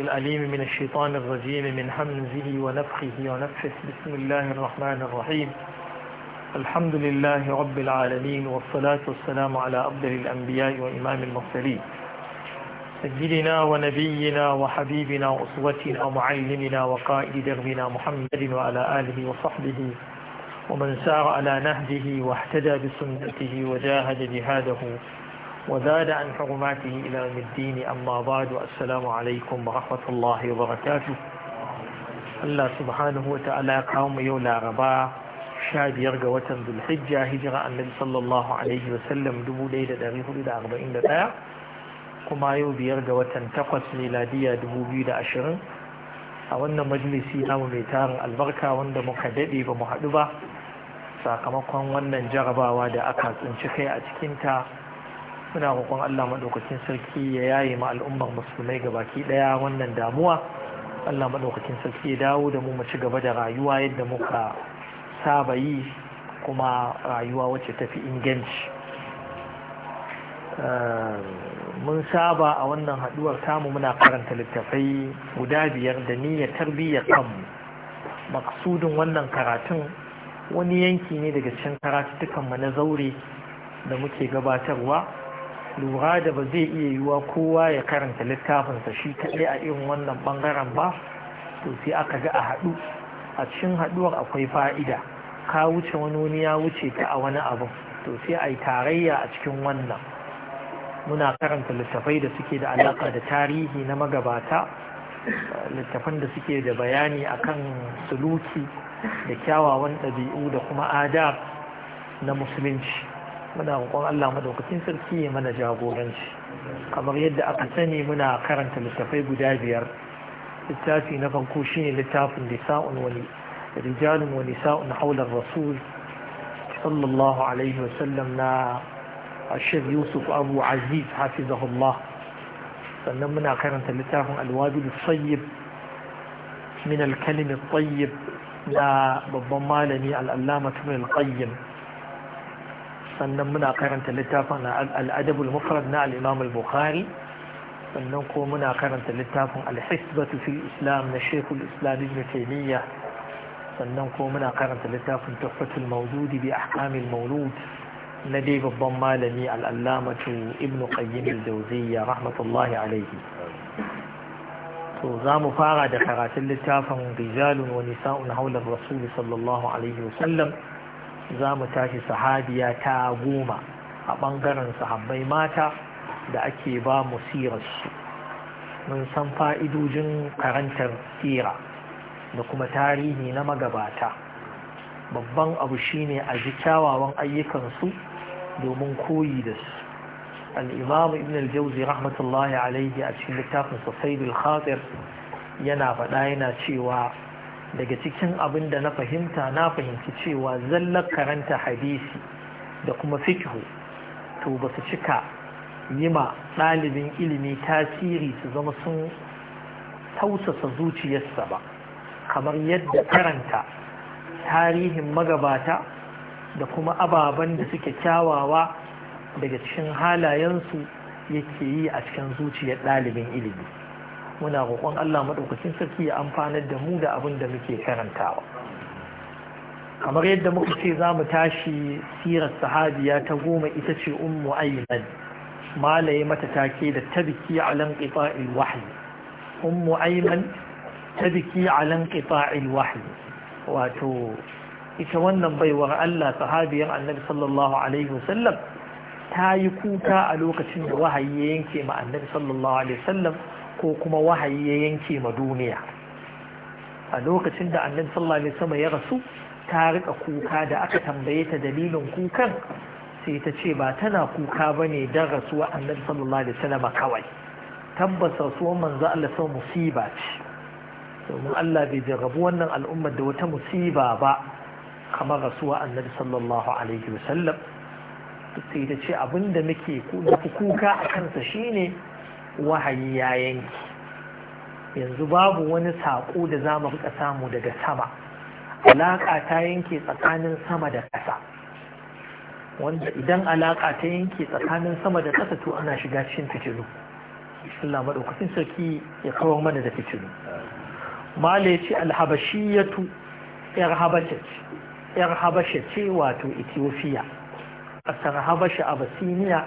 الأليم من الشيطان الرجيم من حمزه ونفخه ونفخه بسم الله الرحمن الرحيم الحمد لله رب العالمين والصلاة والسلام على أفضل الأنبياء وإمام المرسلين سيدنا ونبينا وحبيبنا وأسوتنا ومعلمنا وقائد دربنا محمد وعلى آله وصحبه ومن سار على نهجه واحتدى بسنته وجاهد جهاده وزاد عن حرماته إلى يوم الدين أما بعد السلام عليكم ورحمة الله وبركاته الله سبحانه وتعالى قوم يولى ربا شاب يرجى وتن ذو الحجة هجرة النبي صلى الله عليه وسلم دبو ليلة داريه لدى أربعين دقاء كما يوبي يرجى وتن تقص ميلادية دبو بيد أشرين a wannan majalisi namu mai tarin albarka wanda muka daɗe ba mu haɗu ba sakamakon wannan jarabawa da aka tsinci kai a cikinta muna roƙon Allah maɗaukakin sarki ya yaye ma al'ummar musulmai ga baki ɗaya wannan damuwa Allah maɗaukakin sarki ya dawo da mu mu ci gaba da rayuwa yadda muka saba yi kuma rayuwa wacce tafi inganci eh, mun saba a wannan haɗuwar tamu muna karanta littafai guda biyar da niyyar tarbiyyar kanmu maksudin wannan karatun wani yanki ne daga cikin karatuttukanmu na zaure da muke gabatarwa lura da ba zai iya yiwa kowa ya karanta littafinsa shi kaɗai a irin wannan ɓangaren ba to sai aka ga a haɗu a cikin haɗuwar akwai fa'ida ka wuce wani wani ya wuce ta a wani abu. to sai a tarayya a cikin wannan muna karanta littafai da suke da alaƙa da tarihi na magabata littafan da suke da bayani akan suluki da kyawawan ɗabi'u da kuma adab na musulunci muna roƙon Allah madaukakin sarki ya mana jagoranci kamar yadda aka sani muna karanta littafai guda biyar littafi na farko shine littafin nisa'un wani rijalun wani sa'un haular rasul sallallahu alaihi wasallam na ashir yusuf abu aziz hafizahullah sannan muna karanta littafin alwabi da sayyib min alkalimin tayyib na babban malami al'allama tun alƙayyim sannan muna karanta littafin al'adabul mufrad na al'imam al-bukhari sannan ko muna karanta littafin al-hisbatu fil islam na shekul islam ibn taimiyya sannan ko muna karanta littafin tuhfatul mawdudi bi ahkamil maulud na dai babban malami al'allamatu ibn qayyim al-jawziyya rahmatullahi alayhi to za mu fara da karatun littafin rijalun wa nisa'un hawla rasul sallallahu alaihi wa sallam za mu tashi sahabiya ta goma a ɓangaren sahabbai mata da ake ba mu sirarsu mun san fa'idojin karantar sira da kuma tarihi na magabata babban abu shine a ji kyawawan ayyukansu domin koyi da su al'imamu ibn al-jauzi rahmatullahi alaihi a cikin littafin safaidul khatir yana faɗa yana cewa daga cikin abin da na fahimta na fahimci cewa zallar karanta hadisi da kuma fikihu to ba su cika yi ma ɗalibin ilimi tasiri su zama sun tausasa zuciyarsa ba kamar yadda karanta tarihin magabata da kuma ababen da suke kyawawa daga cikin halayensu yake yi a cikin zuciyar ɗalibin ilimi muna roƙon Allah maɗaukacin sarki ya amfanar da mu da abin da muke karantawa kamar yadda muka ce za mu tashi sirar sahabiya ta goma ita ce ummu ayman malaye mata take da tabiki alan qita'il wahyi ummu ayman tabiki alan qita'il wahyi wato ita wannan baiwar Allah sahabiyar annabi sallallahu alaihi wasallam ta yi kuka a lokacin da wahayi ya yanke ma annabi sallallahu alaihi wasallam ko kuma wahayi ya yanke ma duniya a lokacin da annin sallallahu sama ya rasu ta rika kuka da aka tambaye ta dalilin kukan sai ta ce ba tana kuka bane don rasuwa annabi sallallahu alaihi ma kawai tabbas rasuwar manzo Allah sau musiba ce domin Allah bai jarrabu wannan al'ummar da wata musiba ba kamar rasuwa annabi sallallahu alaihi wasallam sai ta ce abinda muke kuka a kansa shine wahayi ya yanki yanzu babu wani saƙo da za mu rika samu daga sama alaƙa ta yanke tsakanin sama da ƙasa wanda idan alaƙa ta yanke tsakanin sama da ƙasa to ana shiga cikin fitilu Allah maɗaukacin sarki ya kawo mana da fitilu mala ce alhabashiyatu yar habasha ce wato ethiopia ƙasar habasha abasiniya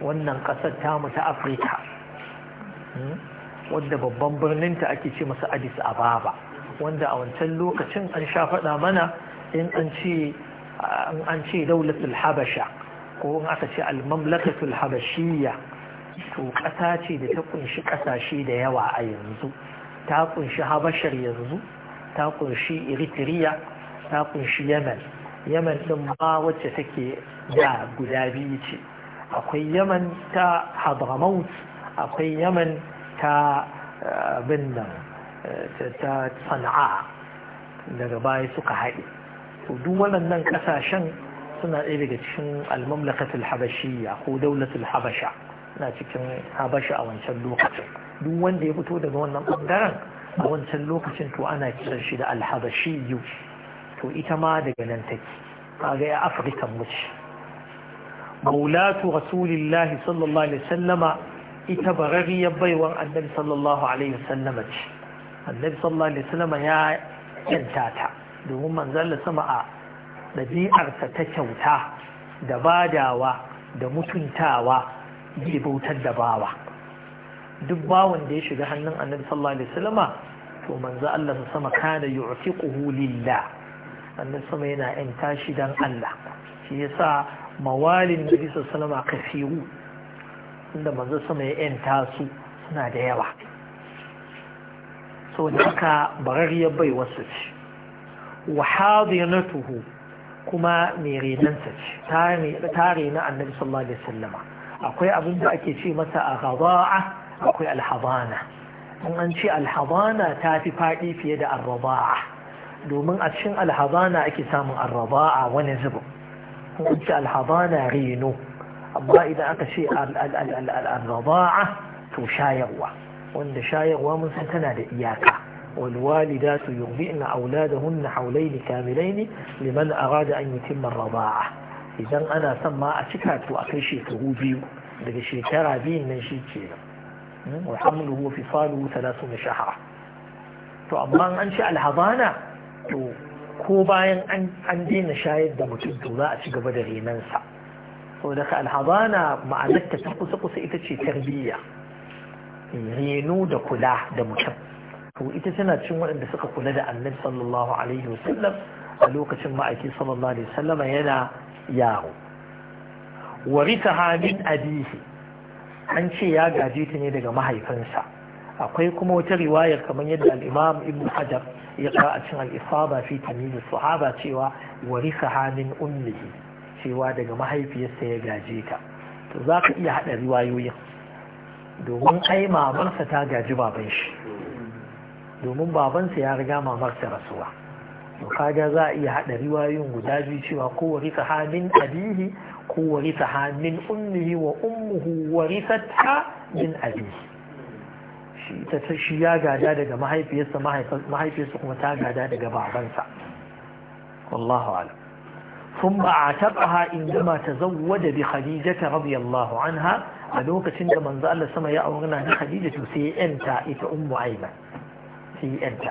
wannan ƙasar tamu ta afirka wadda babban birninta ake ce masa addis ababa wanda a wancan lokacin an sha faɗa mana in an ce an ce daulatul habasha ko in aka ce almamlakatul habashiyya to ƙasa ce da ta kunshi ƙasashe da yawa a yanzu ta kunshi habashar yanzu ta kunshi eritrea ta kunshi yemen yemen din ma wacce take da guda biyu ce akwai yemen ta hadramaut akwai yaman ta eh, abin nan eh, ta sana'a daga baya suka haɗe to duk waɗannan ƙasashen suna ɗaya daga cikin almamlakatul habashiyya ko daulatul habasha na cikin habasha a wancan lokacin duk wanda ya fito daga wannan ɓangaren a wancan lokacin to ana kiran shi da alhabashiyyu to ita ma daga nan take kaga ya mu muci maulatu rasulillahi sallallahu alaihi wasallama ita bararriyar baiwar annabi sallallahu alaihi wasallama ce annabi sallallahu alaihi wasallama ya kyanta ta domin manzon sama a ɗabi'arsa ta kyauta da badawa da mutuntawa bai bautar da bawa duk bawan da ya shiga hannun annabi sallallahu alaihi wasallama to manzo Allah sama kana yu'tiquhu lillah annabi sama yana yanta shi dan Allah shi yasa mawalin nabi sallallahu alaihi wasallama kafiru inda manzo sama ya yanta su suna da yawa so da haka barariyar bai wasu ce wa tuhu kuma mai renansa ce ta rena annabi sallallahu alaihi sallama. akwai abin da ake ce masa a gaba'a akwai alhabana in an ce alhabana ta fi faɗi fiye da arraba'a domin a cikin alhabana ake samun arraba'a wani zubin in an ce alhabana reno amma idan aka ce al-raba'a to shayarwa wanda shayarwa mun san tana da iyaka والوالدات يرضئن أولادهن حولين كاملين لمن أراد أن يتم الرضاعة إذا أنا سمى أشكات وأكل شيء تغوبيو لك شيء ترى بين من شيء كينا وحمله وفصاله ثلاثون شهرة to amma an ci alhabana to ko bayan an daina shayar da mutum to za a ci gaba da renansa sau daga alhazana ma'anarta ta kusa kusa ita ce tarbiyya reno da kula da mutum to ita tana cin waɗanda suka kula da annabi sallallahu alaihi wasallam a lokacin ma'aiki sallallahu alaihi wasallama yana yaro warisa hamin abihi an ce ya gaje ta ne daga mahaifinsa akwai kuma wata riwayar kamar yadda alimam imam ibn hajar ya a cin al fi tamyiz sahaba cewa wari hamin ummihi cewa daga mahaifiyarsa ya gaje ka to za ka iya haɗa riwayoyin domin ai mamarsa ta gaji baban shi domin babansa ya riga mamarsa rasuwa to kaga za a iya haɗa riwayoyin guda biyu cewa ko warisa ha min abihi ko warisa ha min ummihi wa ummuhu ta min abihi shi ta ta shi ya gada daga mahaifiyarsa mahaifiyarsa kuma ta gada daga babansa wallahu a'lam ثم أعتقها عندما تزود بخديجة رضي الله عنها ألوك تند من ذا الله سما يأورنا بخديجة سي أنت إت أم أيمن سي أنت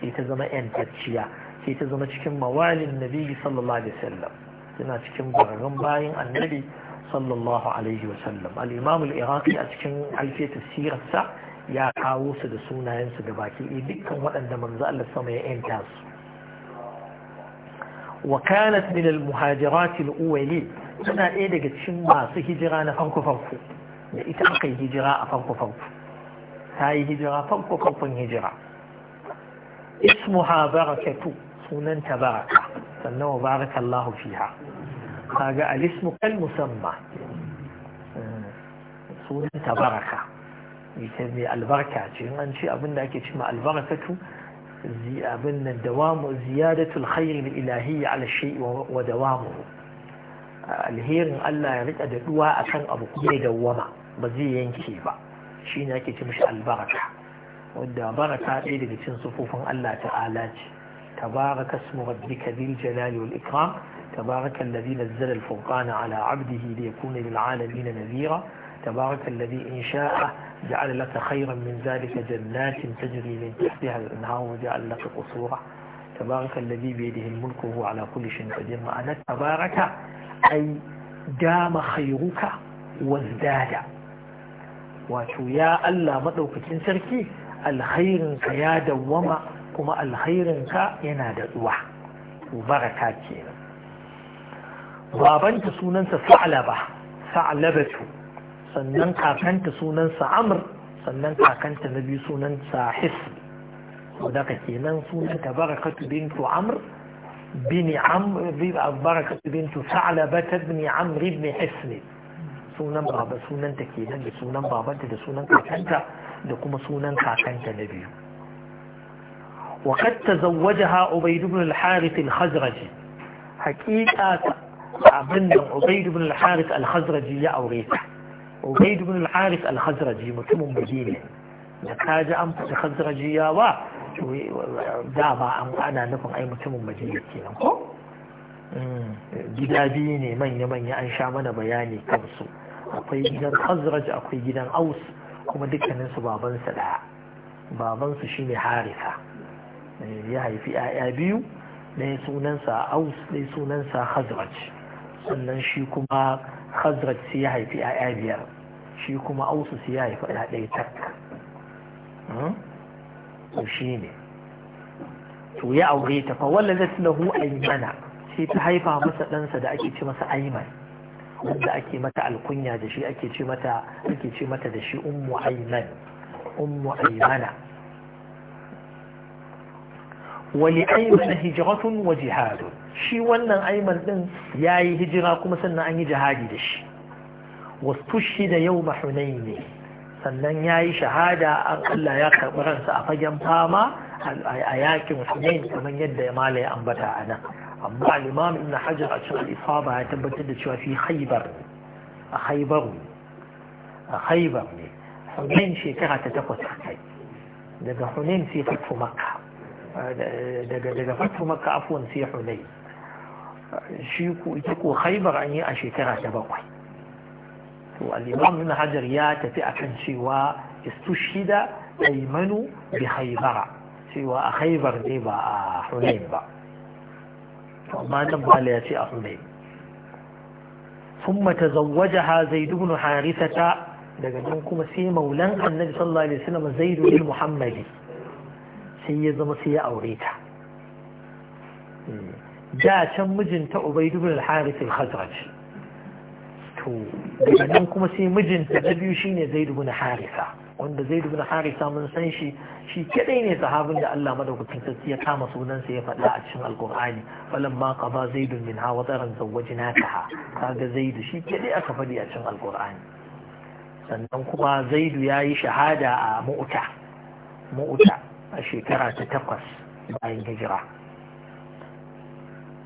سي تزم أنت تشيا سي تزم تشكم موالي النبي صلى الله عليه وسلم سنا تشكم برغم باين النبي صلى الله عليه وسلم الإمام العراقي أتشكم ألفية السيرة السعر ya kawo su da sunayensu gabaki ɗaya dukkan waɗanda manzo Allah sama ya yanta su wa kanat min al-muhajirat ɗaya daga cikin masu hijira na farko farko da ita aka yi hijira a farko farko ta yi hijira farko farkon hijira ismuha barakatu sunanta baraka sannan wa baraka fiha kaga al sunanta baraka ita mai albarka ce an ce da ake ce ma albarakatu abin nan dawamu ziyadatul khairi bil ilahiyya ala shay'i wa dawamuhu alherin Allah ya rika duwa akan abu kuma dawama ba zai yanke ba shine ake ce mishi albaraka wanda baraka ɗaya daga cikin sufufin Allah ta'ala ce tabaraka ismu rabbika dhil jalali wal ikram tabaraka alladhi nazzala al furqana ala 'abdihi yakuna lil 'alamin nadhira تبارك الذي إن شاء جعل لك خيرا من ذلك جنات تجري من تحتها الأنهار وجعل لك قصورا تبارك الذي بيده الملك وهو على كل شيء قدير معنى تبارك أي دام خيرك وازداد wato ya Allah maɗaukakin sarki alkhairinka ya dawwama kuma alkhairinka yana da tsuwa baraka kenan babanta sunansa sa'laba sa'labatu sannan kakanta sunansa amr sannan kakanta na biyu sunansa hisn ودقت لن سنة بركة بنت عمرو بن barakatu bintu بنت ثعلبة بن عمرو بن حسن sunan baba sunanta kenan da sunan babanta da sunan kakanta da kuma sunan kakanta na biyu wa kad tazawwajaha ubayd ibn al-harith al-khazraji haqiqa abin da ubayd ibn al-harith al-khazraji ya aure ubaid ibn al-harith al-khazraji mutumin madina da ka ji an fata khazrajiyawa dama an ana nufin ai mutumin madina kenan ko mm. gida biyu ne manya-manya an sha mana bayani kansu akwai gidan khazraj akwai gidan aus kuma dukkaninsu babansa daya babansu shine harisa eh, ya haifi 'ya'ya biyu ɗaya sunansa aus ɗaya sunansa khazraj sannan shi kuma hazrat sai ya haifi ‘ya'ya biyar shi kuma ausu sai ya haifi ‘ya ɗaya tak hmm? to shi ne to ya aure ta fa walla zai lahu aimana sai ta haifa masa ɗansa da ake ce masa aiman wanda ake mata alkunya da shi ake ce mata ake ce mata da shi ummu aiman ummu aimana wali aiman hijratun wa jihadun shi wannan aiman din yayi hijira kuma sannan an yi jihadi da shi yau yawma ne sannan yayi shahada an Allah ya karɓi ransa a fagen fama a yakin hunayn kamar yadda ya malai ambata a nan amma al-imam hajar a cikin al-isaba ya tabbatar da cewa fi khaybar a ne, a haibar ne hunayn shekara ta takwas kai daga hunayn sai fatu makka daga daga fatu makka afwan sai hulai shi ko ita ko khaybar an yi a shekara ta bakwai to al-imam ibn hajar ya tafi akan cewa istushhida aymanu bi khaybara cewa a khaybar ne ba a hunain ba amma nan bala ya ce a hunain ثم تزوجها زيد بن حارثة daga nan kuma sai maulan annabi sallallahu alaihi wasallam zaidu bin muhammadi sai ya zama sai ya aure ta da can mijinta ubaidu bin al-harith al-khazraj to daga nan kuma sai mijinta na biyu shine zaid bin harisa wanda zaid bin harisa mun san shi shi kadai ne sahabin da Allah madaukakin sarki ya kama sunansa ya faɗa a cikin alqur'ani ma qada zaid min ha wa taran zawwajnakaha kaga zaid shi kadai aka faɗi a cikin alqur'ani sannan kuma zaid yi shahada a mu'ta mu'ta a shekara ta takwas bayan hijira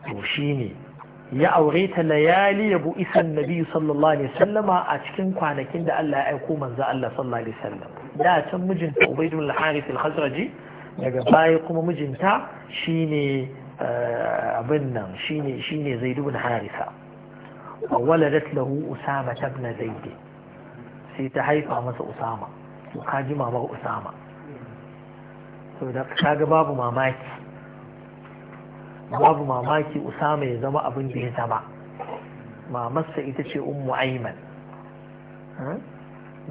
to shi ne ya aure ta layali ya bu isan nabi sallallahu alaihi wasallama a cikin kwanakin da Allah ya aiko manzo Allah sallallahu alaihi sallam. da can mijinta Ubaydul Harith al-Khazraji daga baya kuma mijinta shine eh, abin nan shine shine Zaid ibn Harisa waladat lahu Usama ibn Zaid sai ta haifa masa Usama to kaji mamar Usama saboda ka ga babu mamaki babu mamaki usama ya zama abin da ya zama mamarsa ita ce ummu aiman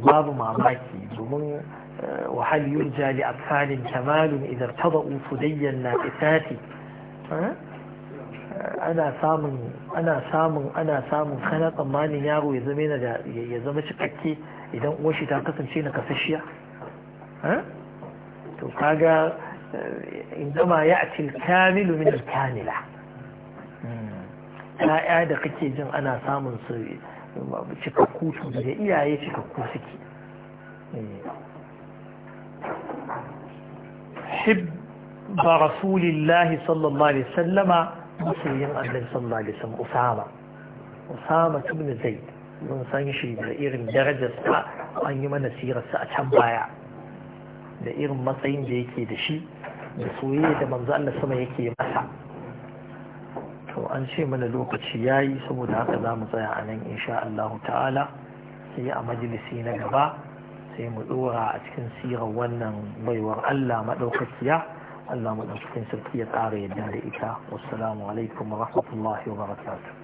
babu mamaki domin eh, wahal yurja li atfalin tamalun idan taba ufudayyan na isati eh, ana samun ana samun kana tsammanin yaro ya zama da cikakke idan uwar shi ta kasance na kasashiya to عندما آه، يأتي الكامل من الكاملة لا ya'ya da kake jin ana samun su cikakku su da iyaye cikakku suke حب رسول الله صلى الله عليه وسلم مسلم النبي صلى الله عليه وسلم أسامة أسامة بن زيد من سنشي بإير درجة أن يمنى سيرة سأتهم بايع da irin matsayin da yake da shi da soyayya da manzo Allah sama yake masa to an ce mana lokaci yayi saboda haka za mu tsaya a nan insha Allah ta'ala sai a majalisi na gaba sai mu dora a cikin sirar wannan baiwar Allah madaukakiya Allah cikin sarki ya tsara yadda da ita wassalamu alaikum wa rahmatullahi wa barakatuh